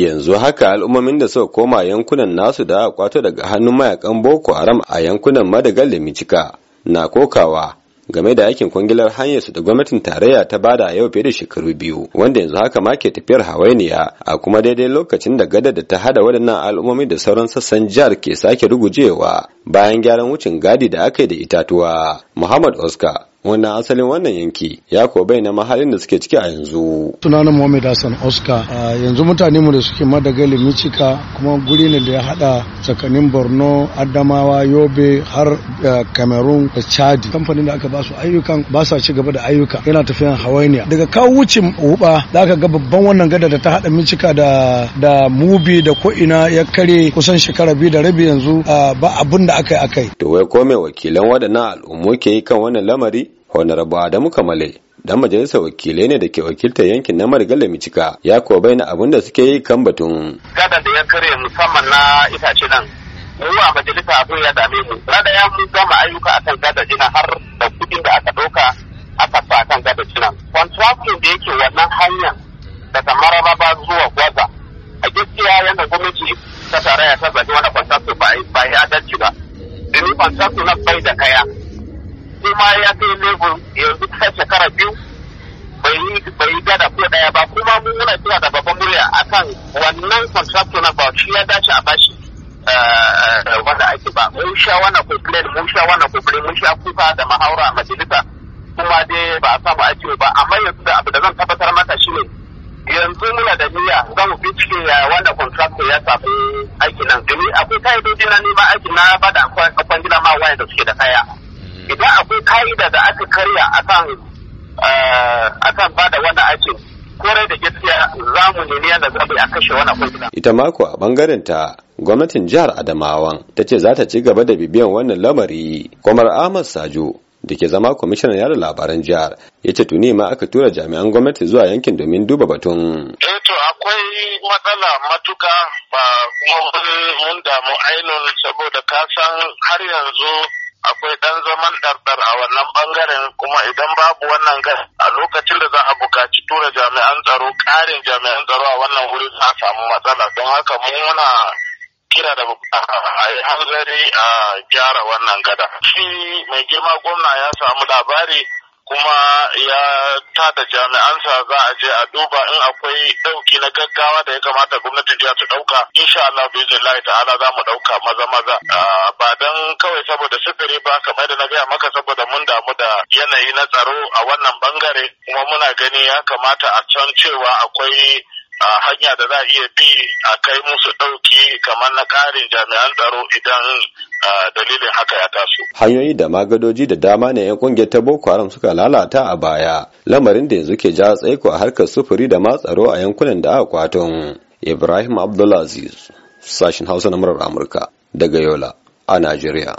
yanzu haka al'ummomin da suka koma yankunan nasu da kwato daga hannun mayakan boko haram a yankunan madagal da micika na kokawa game da aikin kwangilar hanyar su da gwamnatin tarayya ta bada yau fiye da shekaru biyu wanda yanzu haka ma ke tafiyar hawainiya a kuma daidai lokacin da gadar da ta hada waɗannan al'ummomi da sauran sassan jihar ke sake rugujewa bayan gyaran wucin gadi da aka yi da itatuwa muhammad oscar wannan asalin wannan yanki ya ko bai na mahalin da suke ciki a yanzu sunana Muhammad Hassan Oscar yanzu mutane mu da suke Madagali Michika kuma guri ne da ya hada tsakanin Borno Adamawa Yobe har eh, Cameroon da Chad kamfanin da aka ba su ayyukan ba sa ci gaba da ayyuka yana tafiya hawainiya daga kawo wucin wuba da aka ga babban wannan gada da ta hada Michika da da Mubi da ko ina ya kare kusan shekara biyu da rabi yanzu ba abun da aka yi akai to wai ko mai wakilan waɗannan al'ummu ke yi kan wannan lamari honorable adamu kamale dan majalisar wakilai ne da ke wakiltar yankin na marigalle micika ya kuwa bayyana abin da suke yi kan batun gadan da ya kare musamman na itace nan mu a majalisa abin ya dame mu rada ya mu gama ayyuka akan gadaji jina har da kudin da aka doka aka sa akan gadaji jina contracting da yake wannan hanyar daga ba zuwa gwaza a gaskiya yadda gwamnati ta tarayya ta zaɓi wani contractor ba ya adalci ba domin contractor na bai da kaya ma ya kai lebur yanzu ta shekara biyu bai yi bai yi gada ko daya ba kuma mun muna kira da babban murya akan wannan contractor na ba shi ya dace a bashi eh, wanda ake ba mun sha wannan complain mun sha wannan complain mun sha kuka da mahaura majalisa kuma dai ba a samu ake ba amma yanzu da abu da zan tabbatar maka ne yanzu muna da niyya zan mu bincike ya wanda contractor ya samu aikin nan domin akwai ka'idoji na ma aikin na bada akwai gida ma da suke da kaya ka'ida da aka karya akan eh, akan bada wanda ake kore da gaskiya za mu nemi yadda za a kashe wannan kuɗi ita mako a bangaren ta gwamnatin jihar Adamawan ta ce za ta ci gaba da bibiyan wannan lamari kwamar Ahmad Sajo da ke zama kwamishinan yada labaran jihar ya ce tuni ma aka tura jami'an gwamnati zuwa yankin domin duba batun. Eto eh to akwai matsala matuka ba kuma mun damu ainihin saboda kasan har yanzu akwai ɗan zaman ɗarɗar a wannan ɓangaren kuma idan babu wannan gas a lokacin da za a buƙaci tura jami'an tsaro ƙarin jami'an tsaro a wannan wuri za a samu matsala don haka mu muna kira da a yi hanzari a gyara wannan gada. Shi mai girma gwamna ya samu labari kuma ya ta da jami'ansa za a je a duba in akwai ɗauki na gaggawa da ya kamata gwamnati jiya ta dauka insha Allah bi ta'ala za mu dauka maza maza da sufuri ba kamar da na gaya maka saboda mun damu da yanayi na tsaro a wannan bangare kuma muna gani ya kamata a can cewa akwai a hanya da za a iya bi a kai musu ɗauki kamar na ƙarin jami'an tsaro idan dalilin haka ya taso. Hanyoyi da magadoji da dama ne 'yan kungiyar ta Boko Haram suka lalata a baya, lamarin da yanzu ke ja tsaiko a harkar sufuri da ma-tsaro a yankunan da aka kwaton. Ibrahim Abdulaziz, sashin Hausa na murar Amurka, daga Yola, a Najeriya.